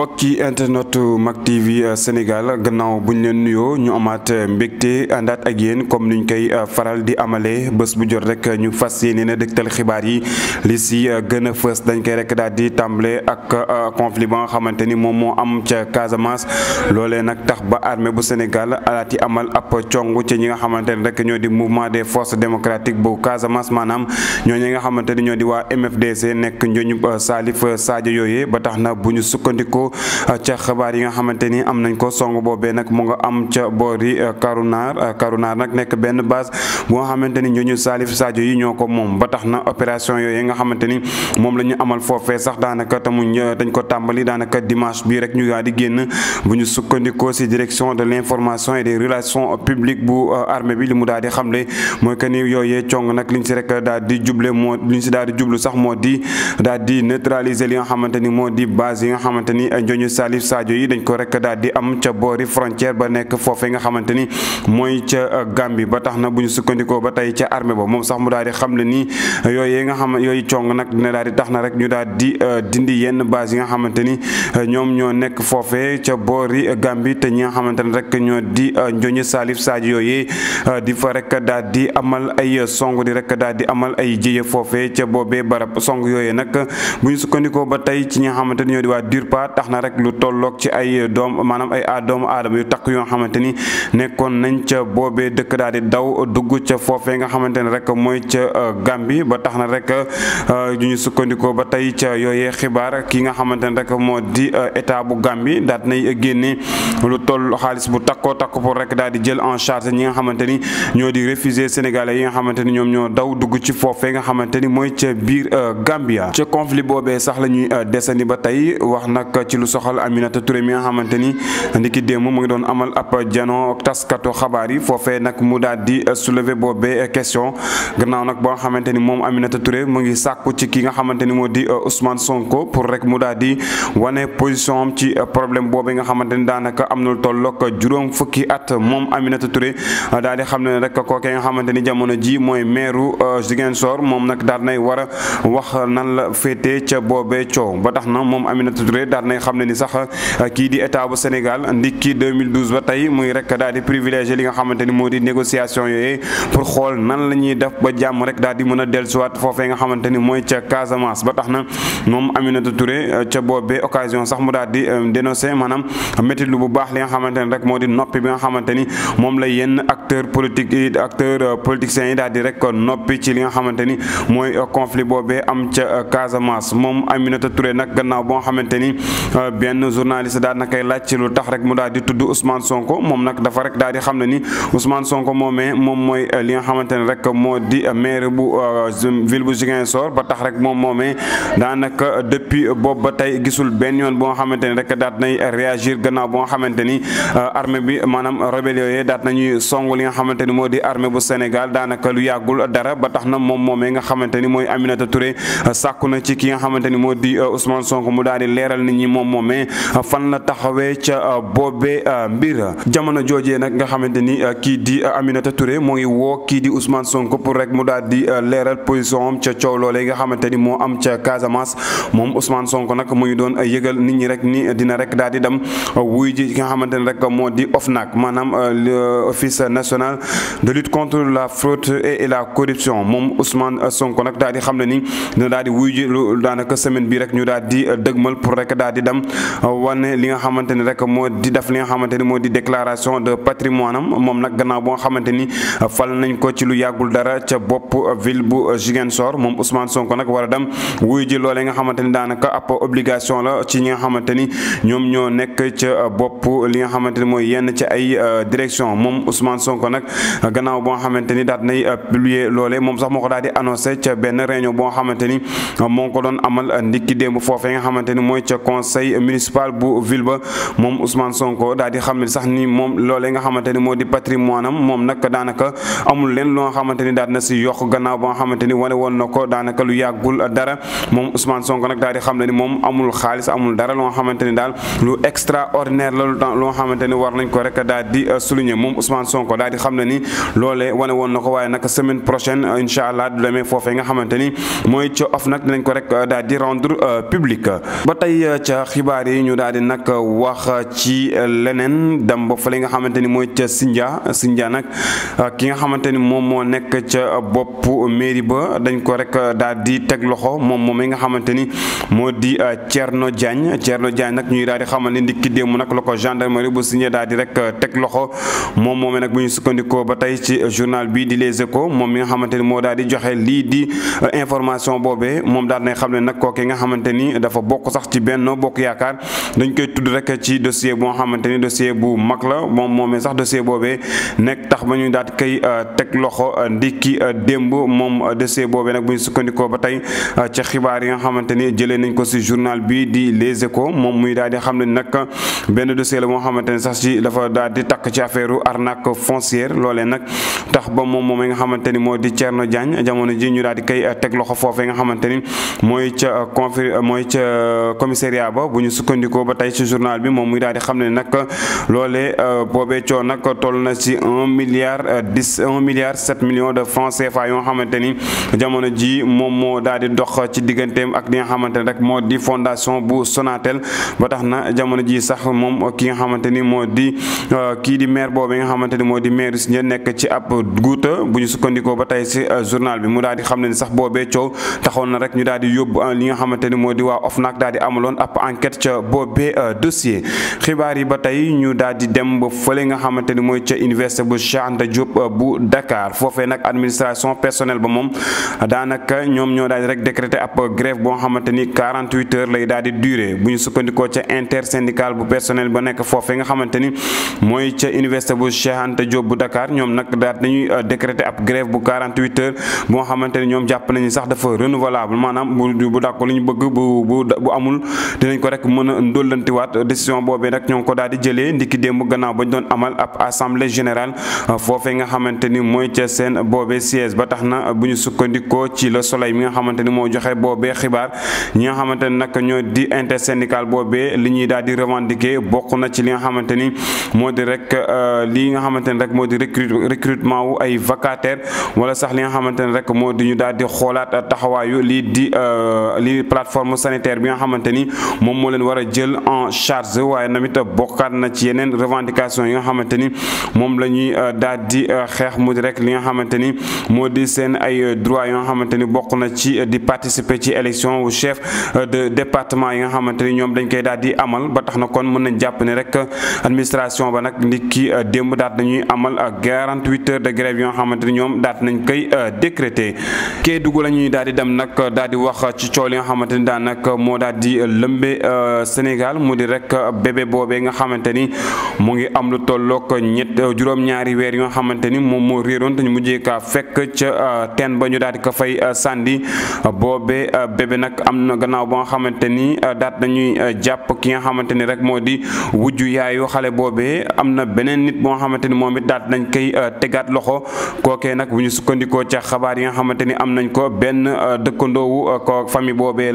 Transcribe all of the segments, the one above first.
mbokki internet Mak TV euh, Sénégal gannaaw ñu leen nuyoo ñu amaat euh, mbégte àndaat ak yéen comme niñ koy euh, faral di amalee bés bu jot rek ñu fas yéene na dégtal xibaar yi li si gën a fës dañ koy rekk daal di tàmbale ak conflit ba nga xamante ni moom moo am ca Casamance. loole nag tax ba armee bu Sénégal alaati amal ab cong ci ñi nga xamante ni rek ñoo di mouvement de forces démocratiques bu Casamance maanaam ñoo ñi nga xamante ni ñoo di waa MFDC nekk njoñu Salif Sadio yooyee ba bokk ca xabaar yi nga xamante ni am nañ ko song boobee nag mu nga am ca boori Karunar eh, Karunar eh, nag nekk benn base bu xamante ni ñooñu Salif Sadio yi ñoo ko moom ba tax na opération yooyu nga xamante ni moom la ñu amal foofee sax daanaka tamuñ dañ ko tàmbali daanaka dimanche bii rek ñu daal di génn bu ñu sukkandikoo si direction de l' information et des relations publiques bu eh, armée bi li mu daal di xamle mooy que ni yooyee cong nag liñ si rek daal di juble moo liñ si daal di jublu sax moo di di neutraliser li nga xamante ni moo di yi nga xamante njoñu Salif Sadio yi dañ ko rek daal di am euh, ba tax na bu ñu sukkandikoo ba tey ca armée ba moom sax mu daal di xam ne nii euh, yooyu nga xam yooyu cong nag dina daal di tax na rek ñu daal di euh, dindi yenn base yi nga xamante ni ñoom ñoo nekk foofee ca boori Gambie te ñi nga xamante ne rek ñoo di njoñu Salif Sadio yooyu di fa rek daal di amal ay song di rek daal di amal ay jëye foofee ca boobee barab song yooyu nag bu ñu sukkandikoo ba tey ci ñi nga ñoo di waa DURPA tax na rek lu tolloog ci ay doom maanaam ay a doomu aadama yu takk yoo xamante ni nekkoon nañ ca boobee dëkk daal di daw dugg ca foofee nga xamante ne rek mooy ca euh, Gambie ba tax na rek euh, ñu ñu sukkandikoo ba tey ca yooyee xibaar ki nga xamante ne rek moo di euh, état bu Gambie daat nay génne lu toll xaalis bu takkoo takk pour rek daal di jël en charge ñi nga xamante ni ñoo di réfugié sénégalais yi nga xamante ni ñoom ñoo daw dugg ci foofee nga xamante ni mooy ca biir Gambia ca conflit boobee sax la ñuy ba tey wax nag ci lu soxal Aminata Touré mi nga xamante ni ndiki démb mu ngi doon amal ab jano taskatu xabaar yi foofee nag mu daal di soulever boobee question gannaaw nag boo nga xamante ni moom Aminata Touré mu ngi sàkku ci ki nga xamante ni moo di euh, Ousmane Sonko pour rek mu daal di wane position ci euh, problème boobu nga xamante ni daanaka am na lu tollook juróom fukki at moom Aminata Touré euh, daal di xam ne rek kookee nga xamante ni jamono ji mooy meeru Ziguinchor moom nag daal nay war a wax nan la féetee ca boobee coow daal nay xam na ni sax euh, kii di état bu Sénégal ndikki 2012 ba tey muy rek daal di privilégié li nga xamante ni moo di négociation yooyu pour xool nan la ñuy def ba jàmm rek daal di mën a dellusiwaat foofee nga xamante ni mooy ca Casamance ba tax na moom Aminata Touré euh, ca boobee occasion sax mu daal di euh, dénoncé maanaam métit bu baax li nga xamante ni rek moo di noppi bi nga xamante ni moom la yenn acteur politique yi acteur politiciens yi daal di rek noppi ci li nga xamante ni mooy conflit boobee am ca Casamance moom Aminata Touré nag gannaaw boo xamante ni Euh, benn journaliste daal na koy laaj ci lu tax rek mu daal di tudd Ousmane Sonko moom nag dafa rek di xam ne ni Ousmane Sonko moomee moom mooy euh, li nga xamante ne rek moo di euh, maire bu ville bu Ziguinchor ba tax rek moom moomee daanaka depuis boobu ba tey gisul benn yoon boo xamante ni rek daat nay réagir gannaaw boo xamante ni armée bi maanaam rebelle yooyu daat nañuy song li nga xamante ni moo di armée bu Sénégal daanaka lu yàggul dara ba tax na moom moomee nga xamante ni mooy Aminata Touré ture na ci ki nga xamante ni moo di Ousmane Sonko mu daal leeral nit moom moomee fan la taxawee ca euh, boobee euh, mbir nag nga xamante ni euh, kii di Aminata Touré moo ngi woo kii di Ousmane Sonko pour rek mu daal di leeral position am ca coow loolee nga xamante ni moo am ca Casamance moom Ousmane Sonko nag mu ngi doon yëgal nit ñi rek nii dina rek daal di dem wuy ji nga xamante ni rek moo di OFNAC maanaam office national de lutte contre la fraude et la corruption moom Ousmane Sonko nag daal xam ne ni dina daal wuy ji daanaka semaine bi rek ñu daal dëgmal pour rek daal di itam euh, wane li nga xamante ni rek moo di def li nga xamante moo di déclaration de patrimoine am moom nag gannaaw bu nga xamante euh, fal nañ ko ci lu yàggul dara ca bopp euh, ville bu Ziguinchor moom Ousmane Sonko nag war a dem wuyu ji nga xamante ni daanaka ab obligation la ci ñi nga xamante ni ñoom ñoo nekk ca bopp li nga xamante ni mooy yenn ci ay direction moom Ousmane sonk nag gannaaw boo nga xamante ni daat nay publier loolee moom sax moo ko daal di annoncé ca benn réunion boo nga xamante ko doon amal ndikki démb foofee nga xamante mooy ca conseil conseil municipal bu ville ba moom Ousmane Sonko daal di xam ne sax ni moom loolee nga xamante ni moo di patrimoine am moom nag daanaka amul leen loo xamante ni daal na si yokk gannaaw ba nga xamante ni wane woon na ko daanaka lu yàggul dara moom Ousmane Sonko nag daal di xam ne ni moom amul xaalis amul dara loo nga xamante ni daal lu extraordinaire la lu nga xamante ni war nañ ko rek daal di euh, souligner moom Ousmane Sonko daal di xam ne ni loole wane woon na ko waaye nag semaine prochaine euh, incha allah du demee foofee nga xamante ni mooy ca of nag nañ ko rek euh, daal di rendre public ba tey xibaar yi ñu daal di nag wax ci leneen dem ba fa li nga xamante ni mooy ca Sindia Sindia nag ki nga xamante ni moom moo nekk ca bopp mairie ba dañ ko rek daal di teg loxo moom moom mi nga xamante ni moo di euh, Thierno Diagne Thierno Diagne nag ñuy daal xamal ni ndikki démb nag la ko gendarmerie bu Sindia daal di rek teg loxo moom moomee nag bu ñu sukkandikoo ba tey ci journal bi di Les Échos moom mi nga xamante ni moo daal di joxe lii di euh, information boobee moom daal di xam ne nag kooke nga xamante ni dafa bokk sax ci benn bokk yaakaar dañ koy tudd rek ci dossier boo xamante ni dossier bu mag la moom moomee sax dossier boobee nekk tax ba ñu di kay euh, teg loxo euh, ndikki euh, démb moom dossier boobee nag bu ñu sukkandikoo ba tey ca xibaar yi nga xamante ni jëlee nañ ko si journal bi di Les Échos moom muy daal di xam ne nag benn dossier la moo xamante ni sax ci dafa daal di takk ci affaire arnaque foncière loole nag tax ba moom moomee nga xamante ni moo di Thierno Diagne jamono ji ñu daal di koy teg loxo foofee nga xamante ni mooy ca confi mooy ca ba ba bu ñu sukkandikoo ba tey ci journal bi moom muy daal di xam ne nag loolee euh, boobee coono nag toll na si un milliard euh, dix un milliard sept millions de francs CFA yoo xamante ni jamono ji moom moo daal di dox ci digganteem ak li nga xamante ne rek moo di fondation bu Sonatel ba tax na jamono ji sax moom ki nga xamante ni moo di euh, kii di maire boobu nga xamante ni moo di maire Sindia nekk ci ab guuta bu ñu sukkandikoo ba tey si journal bi mu daal di xam ne ni sax enquête ca boobee euh, dossier xibaar yi ba tey ñu daal di dem ba fële nga xamante ni mooy ca université bu Cheikh Anta Diop euh, bu Dakar foofee nag administration personnel ba moom daanaka ñoom ñoo daal rek décrété ab grève boo xamante ni 48 heures lay daal di duré bu ñu sukkandikoo ca intersyndical bu personnel ba nekk foofee nga xamante ni mooy ca université bu Cheikh Anta bu Dakar ñoom nag daal dañuy euh, décrété ab grève bu 48 heures boo xamante ni ñoom jàpp nañu sax dafa renouvelable maanaam bu bu dàkko bëgg bu bu amul dinañ ko rek mën a ndollantiwaat décision boobee nag ñoo ngi ko daal di jëlee ndiki démb gannaaw bañ doon amal ab assemblée générale euh, foofee nga xamante ni mooy seen boobee siège ba tax na bu ñu sukkandikoo ci le soleil mi nga xamante ni moo joxe boobee xibaar ñi nga xamante ni nag ñoo di intersyndical boobee li ñuy daal di revendiquer bokk na ci li nga xamante ni moo di rek euh, li nga xamante ni rek moo di recrutement wu ay vacataires wala sax li nga xamante ni rek moo di ñu daal di xoolaat taxawaayu li di euh, lii plateforme sanitaire bi nga xamante moom moo leen war a jël en charge waaye namit bokkaat na ci yeneen revendication yi nga xamante moom la ñuy euh, daal di euh, xeex mu rek li nga xamante ni moo di seen ay euh, droit yi nga xamante ni bokk na ci di participer ci élection wu chef de yi nga xamante ni ñoom dañ koy daal di amal ba tax na kon mën nañ jàpp ni rek administration ba nag nit ki démb daat nañuy amal 48 heures de grève yi nga xamante ni ñoom daat nañ koy décréter Kédougou la ñuy daal dem nag daal wax ci coow li nga xamante ni moo daal lëmbee Euh, Sénégal mu di rek euh, bébé boobee nga xamante ni mu ngi am lu tollook ñett euh, juróom-ñaari weer yi nga xamante ni moom moo réeroon te ñu mujjee kaa fekk ca teen ba ñu daal di ko fay sàndi boobe bébé nag am na gannaaw ba nga xamante ni daat nañuy jàpp ki nga xamante ni rek moo di wujju yaayu xale boobe am na beneen nit boo nga xamante ni moom it daat nañ koy tegaat loxo kooke nag bu ñu sukkandikoo ca xabaar yi nga xamante ni am nañ ko benn dëkkandoowu ko famille boobee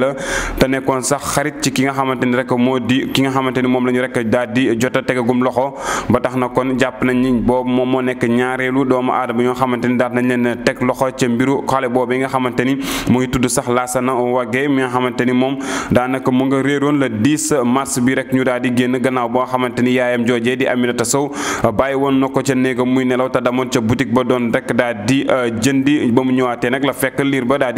xamante ni rek moo di ki nga xamante ni moom la ñu rek daal di jot a tegagum loxo ba tax na kon jàpp nañ ni boobu moom moo nekk ñaareelu doomu aadama yoo xamante ni daal nañ leen teg loxo ca mbiru xale boobu yi nga xamante mu ngi tudd sax Lassana Wagué mi moom daanaka mu nga réeroon le 10 mars bi rek ñu daal di génn gannaaw boo xamante ni yaayam joojee di Aminata Sow bàyyi woon na ko ca néegam muy nelaw te damoon ca boutique ba doon rek daal di euh, jëndi ba mu ñëwaatee nag la fekk liir ba daal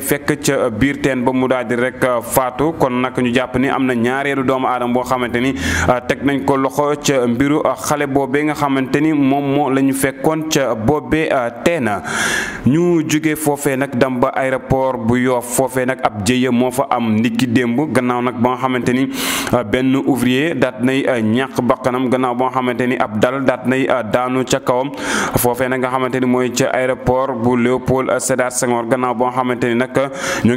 fekk ca ba mu di rek euh, faatu kon nag ñu jàpp ni am na ñaareelu doomu aadama boo xamante ni ah, teg nañ ko loxo ca mbiru ah, xale boobee nga xamante ni moom moo la ñu fekkoon ca boobee ah, teena ñu jóge foofee nag dem ba aéroport bu Yoff foofee nag ab jëye moo fa am ndiki démb gannaaw nag ba xamante ni benn ouvrier daat nay ñàkk bakkanam gannaaw ba xamante ni ab dal daat nay daanu ca kawam foofee nag nga xamante ni mooy ca aéroport bu Léopold Sédar Senghor gannaaw ba xamante ni nag ñu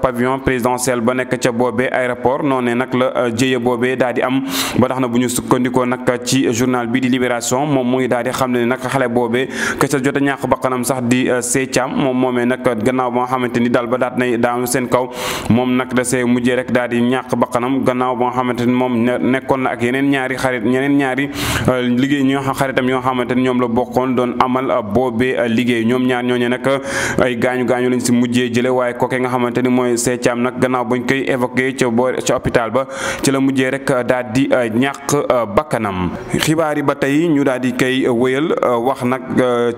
pavillon présidentiel ba nekk ca boobee aéroport noonee nag la euh, jëye boobee daal am ba tax na bu ñu sukkandikoo nag ci journal bi di libération moom mu ngi daal di xam ne nag xale boobee ke ca jot a ñàkk bakkanam sax di euh, seethaam moom moomee nag gannaaw ba nga xamante ni daal ba daat nay daanu seen kaw moom nag da see mujjee rek daal di ñàkk bakkanam gannaaw ba nga xamante ni moom nekkoon na ak yeneen ñaari xarit yeneen ñaari euh, liggéey ñoo xaritam ñoom la bokkoon doon amal boobee liggéey ñoom ñaar ñooñu nag ay gaañu gaañu lañ si mujjee jële waaye kooke nga xamante ni mooy mooy seecaam nag gannaaw bañ koy évacué ca boor ca hôpital ba ci la mujjee rek euh, daal di euh, ñàkk euh, bakkanam xibaar yi ba tey ñu daal di koy wéyal wax nag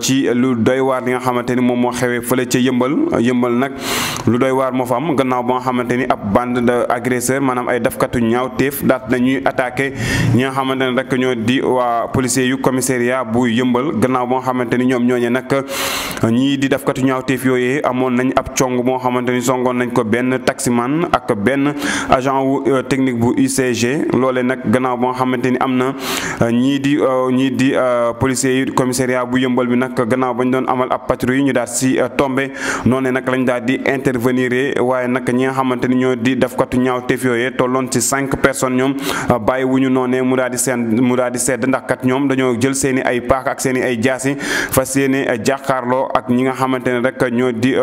ci lu doy waar li nga xamante ni moom moo xewee fële ca yëmbal yëmbal nag lu doy waar moo fa am gannaaw ba nga xamante ni ab bande de agresseur maanaam ay dafkatu ñaaw téef daat nañuy attaqué ñi nga xamante ne rek ñoo di waa policier yu commissariat bu yëmbal gannaaw ba nga xamante ni ñoom ñooñee nag ñii di dafkatu ñaaw téef ko benn taximan ak benn agent wu euh, technique bu UCG loolee nag gannaaw boo xamante ni am na euh, ñii di euh, ñii di policiers yi commissariat bu yëmbal bi nag gannaaw ñu doon amal ab patrouille ñu daal si tombe noone nag lañ daal di intervenir waaye nag ñi nga xamante ni ñoo di defkatu ñaaw teef yooyee tolloon ci cinq personnes ñoom bàyyi wuñu noonee mu daal di seen mu daal di sedd ndax kat ñoom dañoo jël seen i ay paak ak seen i ay jaasi fas yéene jàkkaarloo ak ñi nga xamante rek ñoo di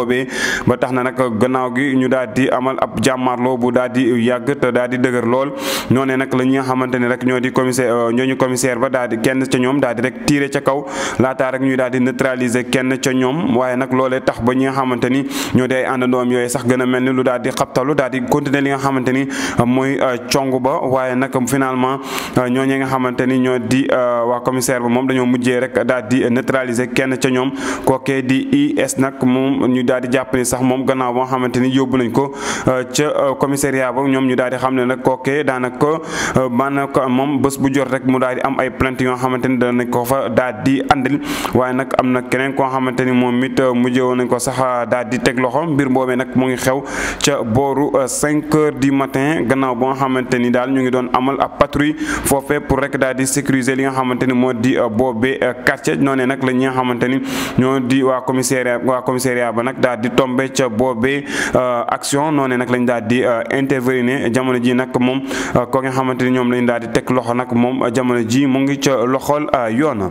boobee ba tax na nag gannaaw gi ñu daal di amal ab jàmmarloo bu daal di yàgg te daal di dëgër lool ñoo ne nag la ñi nga xamante ne rek ñoo di commissaire euh, ñooñu commissaire ba daal di kenn ca ñoom daal di rek tiire ca kaw laataa rek kenn ca ñoom waaye nag loolee tax ba ñi nga xamante ni ñoo di ay àndandoom yooyu sax gën a mel ni lu daal di xabtalu daal di continuer li nga xamante ni euh, mooy euh, cong ba waaye nag finalement ñooñu nga xamante ni ñoo di waa commissaire ba moom dañoo mujjee rek daal di neutraliser kenn ca ñoom kookee di IS nag moom ñu daal di jàpp ni sax moom gannaaw ba nga xamante ni yóbbu nañ ko euh, ca euh, commissariat ba ñoom ñu daal di xam ne nag kookee daanaka euh, maanaam moom bés bu jot rek mu daal di am ay plainte yoo xamante ni danañ ko fa daal di andil waaye nag am na keneen koo xamante ni moom mit mujjee woon nañ ko sax daal di teg loxo mbir boobee nag mu ngi xew ca booru 5 heures du matin gannaaw ba nga xamante ni daal ñu ngi doon amal a patrouille foofee pour rek daal di sécuriser li nga xamante ni moo di boobee quartier noonee nag la ñi nga xamante ni ñoo di waa commissariat waa commissariat daal di tombé ca boobee euh, action noonee nag lañ daal di euh, intervenir jamono ji nag moom euh, ko nga xamante ni ñoom lañu daal di teg loxo nag moom jamono ji mu ngi ca loxol yoon.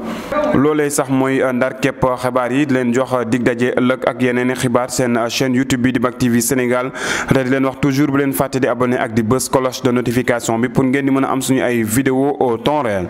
loolee sax mooy ndar képp xibaar yi di leen jox dig daje ëllëg ak yeneen i xibaar seen chaîne YouTube bi di Mak TV Sénégal te di leen wax toujours bu leen fàtte di abonné ak di bës cloche de notification bi pour ngeen di mën a am suñu ay vidéo o temps réel.